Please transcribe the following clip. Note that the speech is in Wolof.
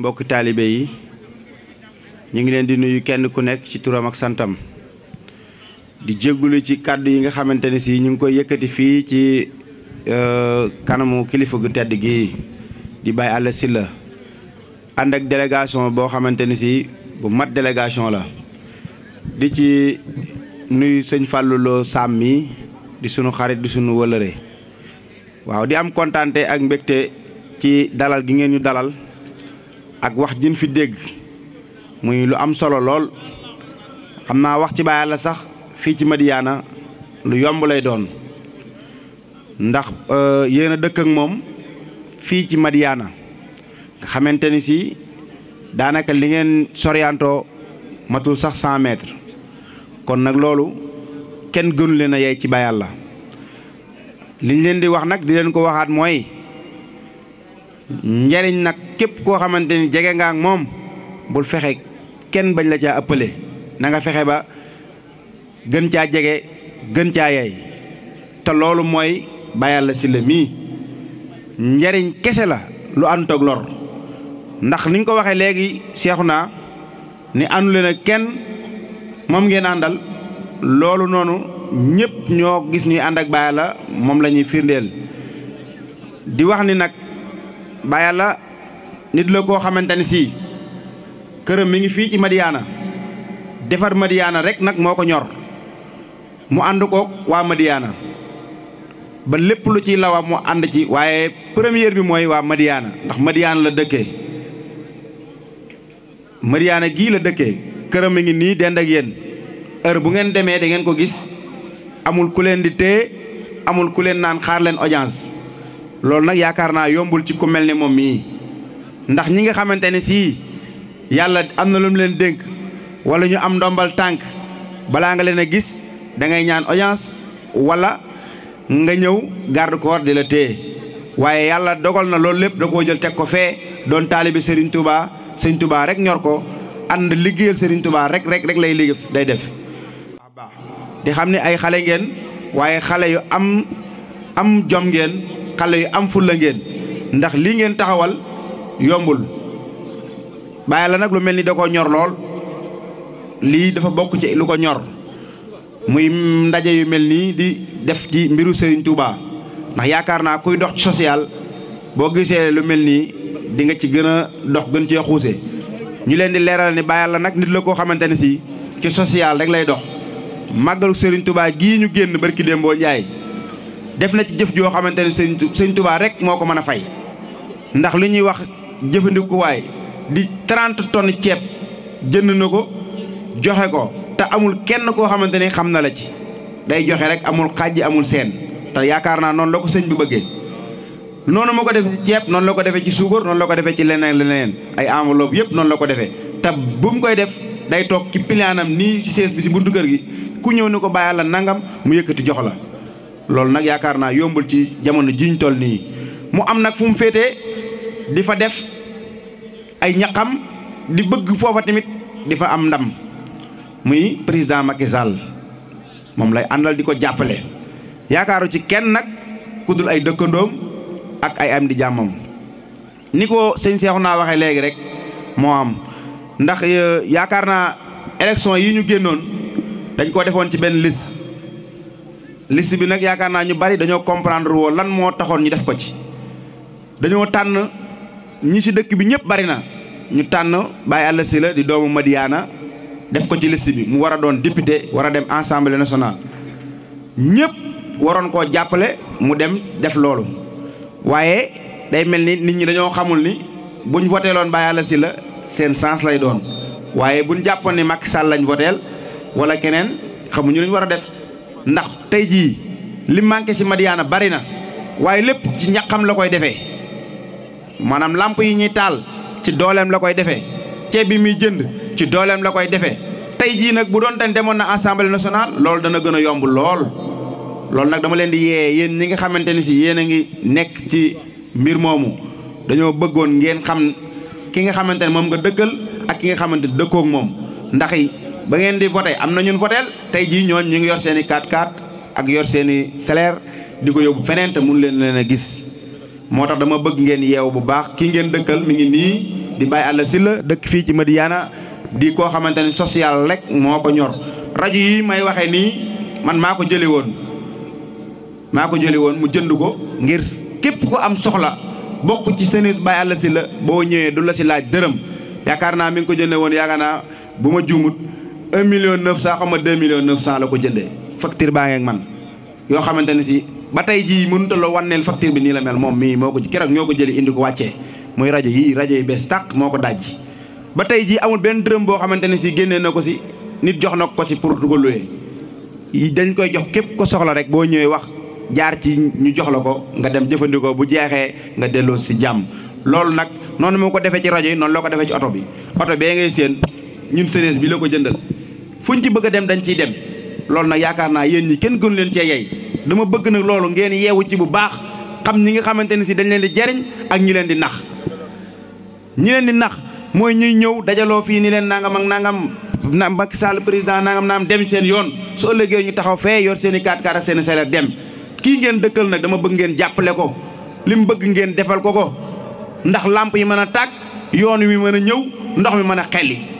mbokki taalibe yi ñu ngi leen di nuyu kenn ku nekk ci turam ak santam di jéggulu ci kàddu yi nga xamante ne si ñu ngi koy yëkkati fii ci euh, kanamu kilifa gu tedd gi di Baye Alla Sylla ànd ak délégation boo xamante ne si bu mat délégation la di ci nuyu sëñ Fallou Lo mi di sunu xarit di sunu wëlëre waaw di am kontaante ak mbégte ci dalal gi ngeen ñu dalal ak wax jin fi dégg muy lu am solo lool xam naa wax ci Baay Alla sax fii ci Madiyaana lu yomb lay doon ndax euh, yéen a dëkk ak moom fii ci Madiyaana nga xamante ni si daanaka li ngeen soriantoo matul sax cent mètres kon nag loolu kenn gënu leen a yey ci Baay Alla liñ leen di wax nag di leen ko waxaat mooy njariñ nag képp koo xamante ni jege nga moom bul fexe kenn bañ la caa ëppale na fexe ba gën caa jege gën caa yey te loolu mooy bàyyal la si la mii njariñ kese la lu àndut ak lor ndax niñ ko waxee léegi seexu naa ni àndu leen kenn moom ngeen àndal loolu noonu ñëpp ñoo gis ñuy ànd ak bàyyi la moom la ñuy firndeel di wax ni nag Baay Yàlla nit la koo xamante ne sii këram mi ngi fii ci Madiyaana defar Madiyaana rek nag moo ko ñor mu ànd koog waa Madiyaana ba lépp lu ci lawa mu ànd ci waaye première bi mooy waa Madiyaana ndax Madiyaana la dëkkee Madiyaana gii la dëkkee këram mi ngi nii dend ak yéen bu ngeen demee dangeen ko gis amul ku leen di téye amul ku leen naan xaar leen audience loolu nag yaakaar naa yombul ci ku mel ne moom mii ndax ñi nga xamante ne sii yàlla am na lu mu leen dénk wala ñu am ndombal tànk balaa nga leen a gis da ngay ñaan audience walla nga ñëw garde corps di la téye waaye yàlla dogal na loolu lépp da koo jël teg ko fee doon taalibi sëriñ Touba Serigne Touba rek ñor ko ànd liggéeyal Serigne Touba rek rek rek lay liggéey day def. di xam ne ay xale ngeen waaye xale yu am am jom ngeen. xale yu am fulla ngeen ndax lii ngeen taxawal yombul bàyyi la nag lu mel ni da ko ñor lool lii dafa bokk ci lu ko ñor muy ndaje yu mel nii di def ci mbiru sëriñ Touba ndax yaakaar naa kuy dox ci social boo gisee lu mel nii dinga ci gën a dox gën cee xuuse ñu leen di leeral ni bàyyi la nag nit la koo xamante ne si ci social rek lay dox màggalu sëriñ Touba gi ñu génn barki démboo Njaay def na ci jëf joo xamante ne sëñ sëñ Tuubaa rek moo ko mën a fay ndax li ñuy wax jëfandikuwaay di 30 tonnes ceeb jënd na ko joxe ko te amul kenn koo xamante ne xam na la ci day joxe rek amul xàjj amul seen te yaakaar naa noonu la ko sëñ bi bëggee noonu ma ko defee ci ceeb noon la ko defee ci suukar noonu la ko defee ci leneen leneen ay enveloppe yëpp noonu la ko defee te bu mu koy def day toog ci piliaanam nii ci sees bi si buntu kër gi ku ñëw ni ko bàyyi la nangam mu yëkkati jox la loolu nag yaakaar naa yombul ci jamono jiñ toll nii mu am nag fu mu féetee di fa def ay ñaqam di bëgg foofa tamit di fa am ndam muy président Macky moom lay àndal di ko jàppale yaakaaru ci kenn nag ku dul ay dëkkandoom ak ay am di jàmmam ni ko sëñ Seexu naa waxee léegi rek moo am ndax euh, yaakaar naa élection yi ñu génnoon dañ ko defoon ci benn liste liste bi nag yaakaar naa ñu bari dañoo comprendre woo lan moo taxoon ñu def ko ci dañoo tànn ñi ci dëkk bi ñëpp bari na ñu tànn Baye Alla Sylla di doomu Madiana def ko ci liste bi mu war a doon député war a dem Assemblée nationale ñëpp waroon koo jàppale mu dem def loolu waaye day mel ni nit ñi dañoo xamul ni buñ voteeloon Baye Alla la seen sens lay doon waaye buñ jàppoon ni Macky Sall lañ voteel wala keneen xamuñu luñ war a def ndax tey jii li manqué ci Madiyana bari na waaye lépp ci ñaqam la koy defee maanaam làmp yi ñuy taal ci dooleem la koy defee ceeb bi muy jënd ci dooleem la koy defee tey jii nag bu doon tan demoon na assemblée nationale loolu dana gën a yomb lool loolu nag dama leen di yee yéen ñi nga xamante ni si yéen a ngi nekk ci mbir moomu dañoo bëggoon ngeen xam ki nga xamante ne moom nga dëkkal ak ki nga xamante dëkkoog moom ndax ba ngeen di voté am na ñun voteel tey jii ñooñ ñu ngi yor seen kaat 4 ak yor seeni i di ko yóbbu feneen te mun leen leen a gis moo tax dama bëgg ngeen yeew bu baax kii ngeen dëkkal mu ngi nii di Baye Alla Sylla dëkk fii ci Madiyana di koo xamante ni social rek moo ko ñor rajo yi may waxee nii man maa ko jëlee woon maa ko jëlee woon mu jënd ko ngir képp ko am soxla bokk ci seeni Baye Alla Sylla boo ñëwee du la si laaj dërëm yaakaar naa mi ngi ko jëndee woon yaakaar naa bu ma juumut un million neuf cent xama deux millions neuf cent la ko jëndee facture baa ngeeg man yoo xamante ne si ba tey jii mënuta a la wanneel facture bi nii la mel moom mii moo ko keroog ñoo ko jëli indi ko wàccee muy rajo yii rajo yi bees tàq moo ko dajji ba tey jii amul benn dërëm boo xamante ne si génnee na ko si nit jox na ko si pour du ko luwee dañ koy jox képp ko soxla rek boo ñëwee wax jaar ci ñu jox la ko nga dem jëfandikoo bu jeexee nga delloo si jàmm loolu nag noonu moo ko defee ci rajo yi noonu loo ko defee ci oto bi oto bee ngay séen ñun séeréer bi la ko jëndal bu ñu ci bëgg a dem dañ ciy dem loolu na yaakaar naa yéen ñi kenn gënu leen cee yey dama bëgg na loolu ngeen yeewu ci bu baax xam ñi nga xamante ne si dañ leen di jariñ ak ñi leen di nax ñi leen di nax mooy ñuy ñëw dajaloo fii ni leen nangam ak nangam na Macky Sall président nangam naam dem seen yoon su ëllëgee ñu taxaw fee yor seen i kaat kaat ak seen i dem kii ngeen dëkkal nag dama bëgg ngeen jàppale ko li mu bëgg ngeen defal ko ko ndax làmp yi mën a tàkk yoon wi mën a ñëw ndox mi mën a xelli